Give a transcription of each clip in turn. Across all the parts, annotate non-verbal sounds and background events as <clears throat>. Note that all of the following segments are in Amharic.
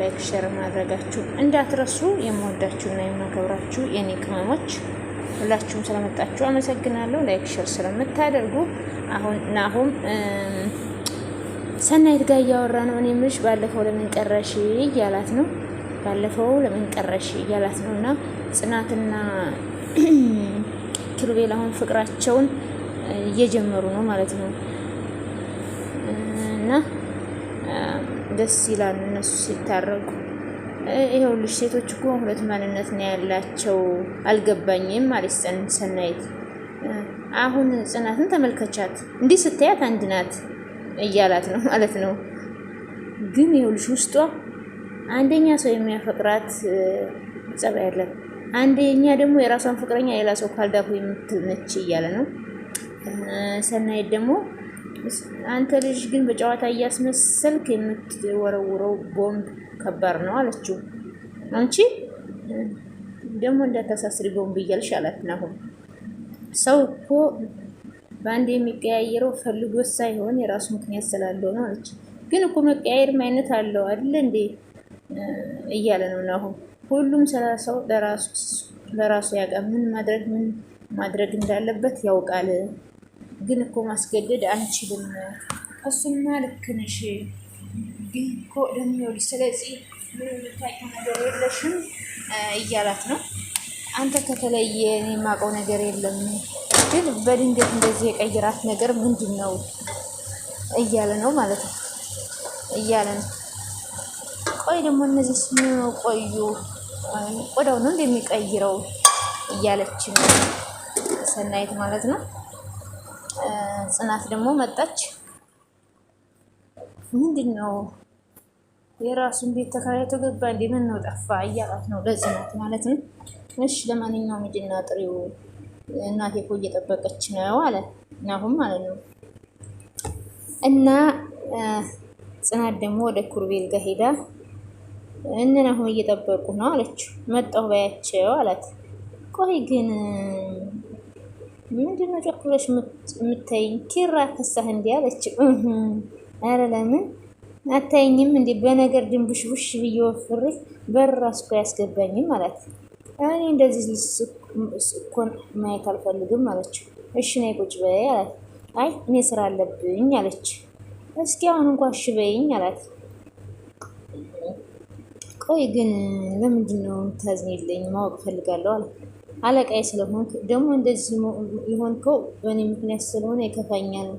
ላይክ ሸር ማድረጋችሁ እንዳትረሱ። የምወዳችሁና የማከብራችሁ የኔ ቅመሞች ሁላችሁም ስለመጣችሁ አመሰግናለሁ። ላይክ ሸር ስለምታደርጉ አሁን ናሁም ሰናይት ጋር እያወራ ነው። እኔ የምልሽ ባለፈው ለምን ቀረሽ እያላት ነው። ባለፈው ለምን ቀረሽ እያላት ነው። እና ጽናትና ኪሩቤል አሁን ፍቅራቸውን እየጀመሩ ነው ማለት ነው እና ደስ ይላል እነሱ ሲታረጉ። ይኸውልሽ ሴቶች እኮ ሁለት ማንነት ነው ያላቸው። አልገባኝም አለች ሰናይት። አሁን ጽናትን ተመልከቻት፣ እንዲህ ስታያት አንድ ናት እያላት ነው ማለት ነው። ግን ይኸውልሽ ውስጧ አንደኛ ሰው የሚያፈቅራት ጸባይ ያላት፣ አንደኛ ደግሞ የራሷን ፍቅረኛ ሌላ ሰው ካልዳፉ የምትል ነች እያለ ነው። ሰናይት ደግሞ አንተ ልጅ ግን በጨዋታ እያስመሰልክ የምትወረውረው ቦምብ ከባድ ነው አለችው። አንቺ ደግሞ እንዳታሳስሪ ቦምብ እያልሽ አላት ናሆም። ሰው እኮ በአንድ የሚቀያየረው ፈልጎ ሳይሆን የራሱ ምክንያት ስላለው ነው አለች። ግን እኮ መቀያየር አይነት አለው አይደል እንዴ እያለ ነው ናሆም። ሁሉም ስራ ሰው ለራሱ ያውቃል፣ ምን ማድረግ ምን ማድረግ እንዳለበት ያውቃል ግን እኮ ማስገደድ አንችልም። እሱማ ልክ ነሽ፣ ግን እኮ ደግሞ ስለዚህ ምን የምታውቂው ነገር የለሽም እያላት ነው። አንተ ከተለየ እኔ የማውቀው ነገር የለም፣ ግን በድንገት እንደዚህ የቀይራት ነገር ምንድን ነው እያለ ነው ማለት ነው እያለ ነው። ቆይ ደግሞ እነዚህ ቆዩ ቆዳው ነው እንደሚቀይረው እያለች ነው ሰናይት ማለት ነው። ጽናት ደግሞ መጣች። ምንድን ነው የራሱን ቤት ተከራይቶ ገባ እንዴ? ምን ነው ጠፋ እያላት ነው ለጽናት ማለት ነው። እሺ ለማንኛውም ሂጂና ጥሪው እናቴ እኮ እየጠበቀች ነው አለ ናሁም ማለት ነው። እና ጽናት ደግሞ ወደ ኩርቤል ጋር ሄዳ እነን አሁን እየጠበቁ ነው አለችው። መጣሁ ባያቸው አላት። ቆይ ግን ምንድነው ጨኩለሽ የምታይኝ? ኪራ ከሳህ እንዲ አለች። አረ ለምን አታይኝም እንዴ? በነገር ድንቡሽቡሽ ብዬ ወፍሬ በር እኮ አያስገባኝም ማለት እኔ እንደዚህ እኮን ማየት አልፈልግም አለችው። እሺ ነይ ቁጭ በይ አላት። አይ እኔ ስራ አለብኝ አለች። እስኪ አሁን እንኳ እሺ በይኝ አላት። ቆይ ግን ለምንድን ነው የምታዝኝልኝ? ማወቅ እፈልጋለሁ አለ አለቃዬ ስለሆንክ ደግሞ እንደዚህ የሆንከው በእኔ ምክንያት ስለሆነ ይከፋኛል።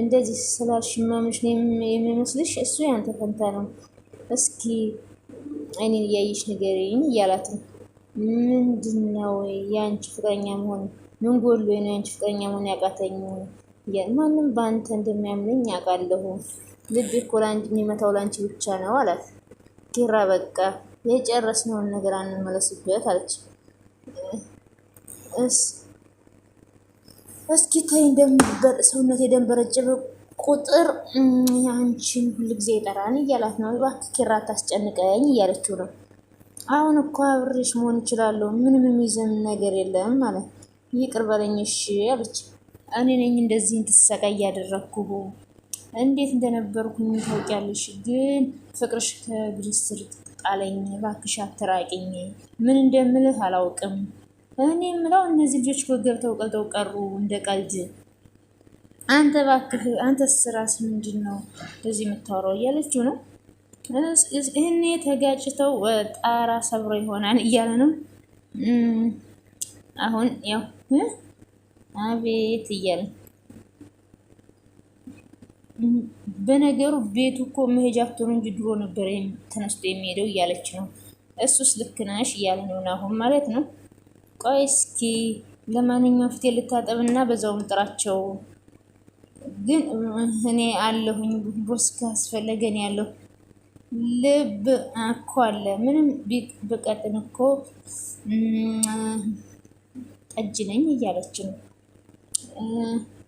እንደዚህ ስላልሽ ማምሽ የሚመስልሽ እሱ ያንተ ፈንታ ነው። እስኪ አይኔን እያየሽ ንገሪኝ እያላት ነው። ምንድን ነው የአንቺ ፍቅረኛ መሆን ምን ጎሎ ነው የአንቺ ፍቅረኛ መሆን ያቃተኝ? ማንም በአንተ እንደሚያምለኝ አውቃለሁ ልብ እኮ የሚመታው ለአንቺ ብቻ ነው አላት። ኪራ በቃ የጨረስነውን ነገር አንመለስበት አለች። እስኪ ተይ እንደምበር ሰውነት የደንበረጭ ቁጥር አንቺን ሁልጊዜ ይጠራን እያላት ነው። እባክህ ኪራ ታስጨንቀኝ እያለችው ነው። አሁን እኮ አብሬሽ መሆን እችላለሁ፣ ምንም የሚይዘን ነገር የለም ማለት ይቅር በለኝ እሺ አለች። እኔ ነኝ እንደዚህ እንድትሰቃይ እያደረግኩ እንዴት እንደነበርኩኝ ታውቂያለሽ፣ ግን ፍቅርሽ ከእግሬ ስር ጣለኝ፣ እባክሽ አትራቂኝ፣ ምን እንደምልህ አላውቅም። እኔ የምለው እነዚህ ልጆች ገብተው ቀልተው ቀሩ እንደ ቀልድ። አንተ እባክህ አንተ ስራስ ምንድን ነው እንደዚህ የምታወራው እያለችው ነው። ይህኔ ተጋጭተው ጣራ ሰብሮ ይሆናል እያለ ነው። አሁን ያው አቤት እያለ በነገሩ ቤቱ እኮ መሄጃ አፍቶሩ እንጂ ድሮ ነበር ተነስቶ የሚሄደው እያለች ነው። እሱስ ልክ ነሽ እያለ ነው ናሆም ማለት ነው። ቆይ እስኪ ለማንኛውም ፊቴ ልታጠብና በዛውም ጥራቸው። ግን እኔ አለሁኝ ቦስ ካስፈለገ ያለው ልብ እኮ አለ ምንም ብቀጥን እኮ ጠጅ ነኝ እያለች ነው።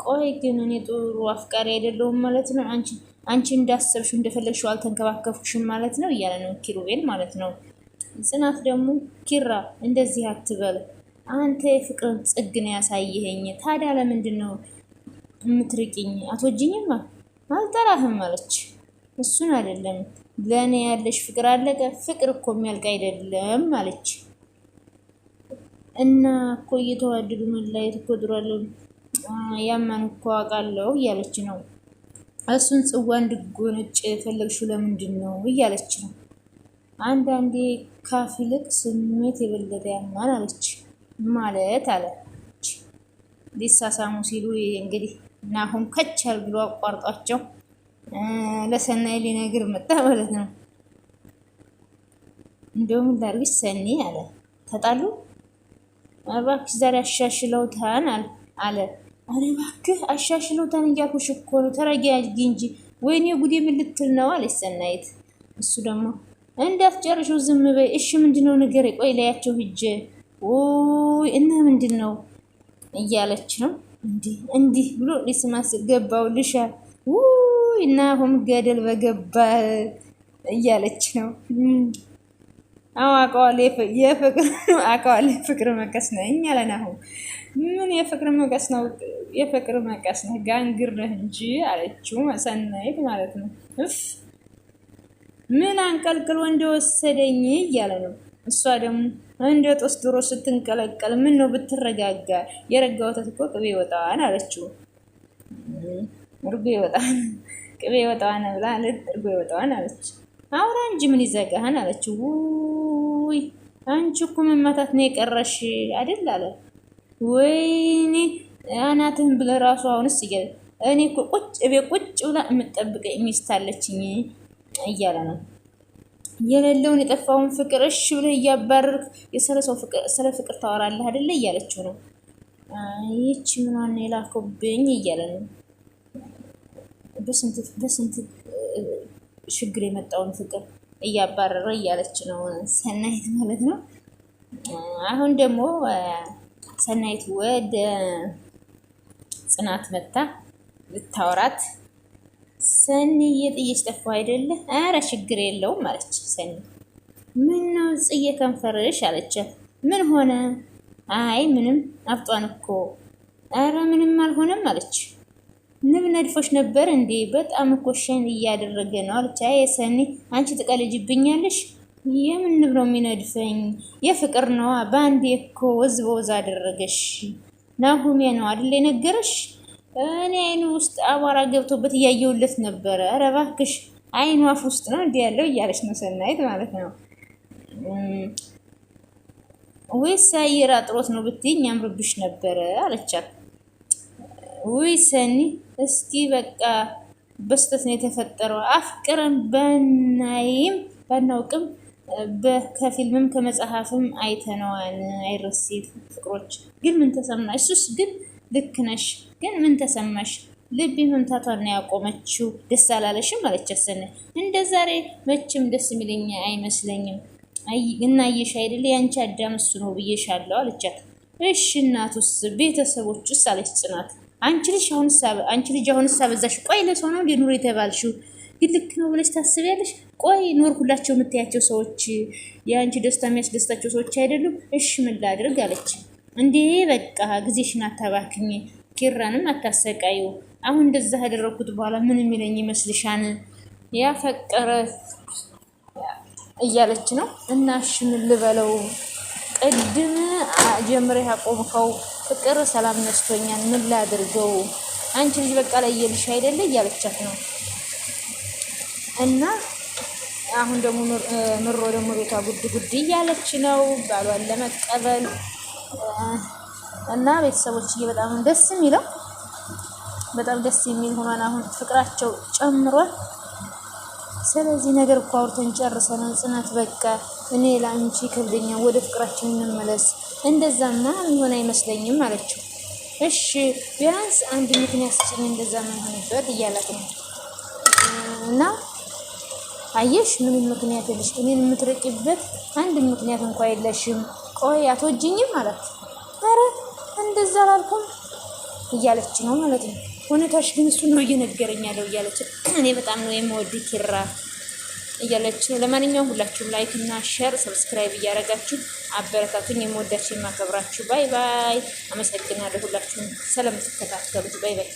ቆይ ግን እኔ ጥሩ አፍቃሪ አይደለሁም ማለት ነው አንቺ አንቺ እንዳሰብሽው እንደፈለግሽው አልተንከባከብኩሽም ማለት ነው እያለ ነው ኪሩቤል ማለት ነው። ጽናት ደግሞ ኪራ እንደዚህ አትበል አንተ የፍቅርን ጽግ ነው ያሳየኸኝ። ታዲያ ለምንድን ነው የምትርቂኝ? አትወጂኝማ አልጠራህም አለች። እሱን አይደለም ለእኔ ያለሽ ፍቅር አለቀ። ፍቅር እኮ የሚያልቅ አይደለም አለች። እና እኮ እየተዋደዱ መለያየት እኮ ድሯል። ያማን እኮ አውቃለሁ እያለች ነው እሱን ጽዋ እንድጎነጭ የፈለግሽው ለምንድን ነው እያለች ነው። አንዳንዴ ካፍ ይልቅ ስሜት የበለጠ ያማል አለች። ማለት አለች ሊሳሳሙ ሲሉ እንግዲህ ናሆም ከቻል ብሎ አቋርጧቸው ለሰናይ ሊነግር መጣ ማለት ነው። እንደውም ላርግሽ ሰኒ አለ። ተጣሉ እባክሽ ዛሬ አሻሽለውታን አለ አረ እባክህ አሻሽለውታል እያልኩሽ እኮ ነው። ተረጋጊ እንጂ። ወይኔ ጉዴ ምን ልትል ነው አለች ሰናይት። እሱ ደግሞ እንዳትጨርሺው ዝም በይ እሺ። ምንድነው ነገር? ቆይ ላያቸው ሂጅ ወይ እና ምንድን ነው እያለች ነው። እንዲህ እንዲህ ብሎ ሊስማስ ገባው ልሻ ውይ እና ሆም ገደል በገባ እያለች ነው። አዎ አውቀዋለሁ የፍቅር መቀስ ነው እኛ ለን አሁን ምን የፍቅር መቀስ ነው የፍቅር መቀስ ነህ ጋንግር ነህ እንጂ አለችው ሰናይት ማለት ነው። እፍ ምን አንቀልቅሎ እንደወሰደኝ እያለ ነው። እሷ ደግሞ እንደ ጦስ ድሮ ስትንቀለቀል ምን ነው ብትረጋጋ፣ የረጋ ወተት እኮ ቅቤ ይወጣዋን አለችው። እርጎ ይወጣዋን ቅቤ ይወጣዋን ብላ እርጎ ይወጣዋን አለች። አውራ እንጂ ምን ይዘጋህን አለችው። ውይ አንቺ እኮ መማታት ነው የቀረሽ አይደል አለ። ወይኔ አናትን ብለ ራሱ አሁንስ እያለ እኔ እኮ ቁጭ እቤት ቁጭ ብላ የምጠብቀኝ ሚስት አለችኝ እያለ ነው የሌለውን የጠፋውን ፍቅር እሺ ብለህ እያባረርክ የስለ ሰው ስለ ፍቅር ታወራለህ አይደለ እያለችው ነው። ይች ምኗን የላከብኝ እያለ ነው። በስንት በስንት ችግር የመጣውን ፍቅር እያባረረ እያለች ነው ሰናይት ማለት ነው። አሁን ደግሞ ሰናይት ወደ ጽናት መታ ልታወራት ሰኒ እየጥየች ጠፋሁ አይደለ? አረ ችግር የለውም አለች ሰኒ። ምነው ጽዬ ከንፈርሽ አለች ምን ሆነ? አይ ምንም አብጧን እኮ። አረ ምንም አልሆነም አለች። ንብ ነድፎች ነበር እንዴ? በጣም እኮ ሸን እያደረገ ነው አለች። አይ ሰኒ አንቺ ትቀልጅብኛለሽ። የምን ንብ ነው የሚነድፈኝ? የፍቅር ነዋ። በአንዴ እኮ ወዝ በወዝ አደረገሽ። ናሁሜ ነው አይደል የነገረሽ? እኔ አይኑ ውስጥ አቧራ ገብቶበት እያየውለት ነበረ። ኧረ እባክሽ አይኑ አፍ ውስጥ ነው እንዲህ ያለው እያለች ነው ሰናይት ማለት ነው። ወይስ አየር አጥሮት ነው ብትይኝ አምርብሽ ነበረ አለቻት። ውይ ሰኒ እስኪ በቃ በስተት ነው የተፈጠረው። አፍቅረን በናይም ባናውቅም ከፊልምም ከመጽሐፍም አይተነዋል። አይረሲ ፍቅሮች ግን ምን ተሰማሽ? እሱስ ግን ልክ ነሽ። ግን ምን ተሰማሽ? ልቢ መምታቷን ያቆመችው ደስ አላለሽም? አለች ያሰነ እንደ ዛሬ መቼም ደስ የሚለኝ አይመስለኝም። እና እየሽ አይደለ የአንቺ አዳም እሱ ነው ብዬሻለሁ አለቻት። እሽ እናቱስ ቤተሰቦቹስ? አለች ጽናት። አንቺ ልጅ አሁን ሳበዛሽ። ቆይ ለሰው ነው ሊኑር የተባልሽው ግን ልክ ነው ብለሽ ታስቢያለሽ? ቆይ ኖር ሁላቸው የምታያቸው ሰዎች የአንቺ ደስታ የሚያስደስታቸው ሰዎች አይደሉም። እሽ ምን ላድርግ አለች። እንዴ በቃ ጊዜሽን አታባክኝ፣ ኪራንም አታሰቃዩ። አሁን እንደዛ ያደረግኩት በኋላ ምን የሚለኝ ይመስልሻን? ያፈቀረ እያለች ነው። እና እሺ ምን ልበለው? ቅድም ጀምረህ ያቆምከው ፍቅር ሰላም ነስቶኛል፣ ምን ላድርገው? አንቺ ልጅ በቃ ላይ እየልሽ አይደለ እያለቻት ነው እና አሁን ደግሞ ምሮ ደግሞ ቤቷ ጉድ ጉድ እያለች ነው ባሏን ለመቀበል እና ቤተሰቦችዬ በጣም ደስ የሚለው በጣም ደስ የሚል ሆኗን አሁን ፍቅራቸው ጨምሯል። ስለዚህ ነገር እኮ አውርተን ጨርሰናል። ጽናት በቃ እኔ ለአንቺ ከብደኛ፣ ወደ ፍቅራችን እንመለስ፣ እንደዛማ የሚሆን አይመስለኝም አለችው። እሺ ቢያንስ አንድ ምክንያት ስጭኝ እንደዛ ምን እያላት ነው እና አየሽ፣ ምንም ምክንያት የለሽ። እኔን የምትርቂበት አንድ ምክንያት እንኳ የለሽም። ቆይ አትወጂኝም አላት። ኧረ እንደዛ አላልኩም እያለች ነው ማለት ነው። እውነታሽ ግን እሱ ነው እየነገረኝ ያለው እያለች <clears throat> እኔ በጣም ነው የምወዱት ኪራ እያለች ነው። ለማንኛውም ሁላችሁም ላይክ እና ሸር፣ ሰብስክራይብ እያደረጋችሁ አበረታቱኝ። የምወዳችሁ የማከብራችሁ፣ ባይ ባይ። አመሰግናለሁ ሁላችሁም ስለምትከታተሉት። ባይ ባይ።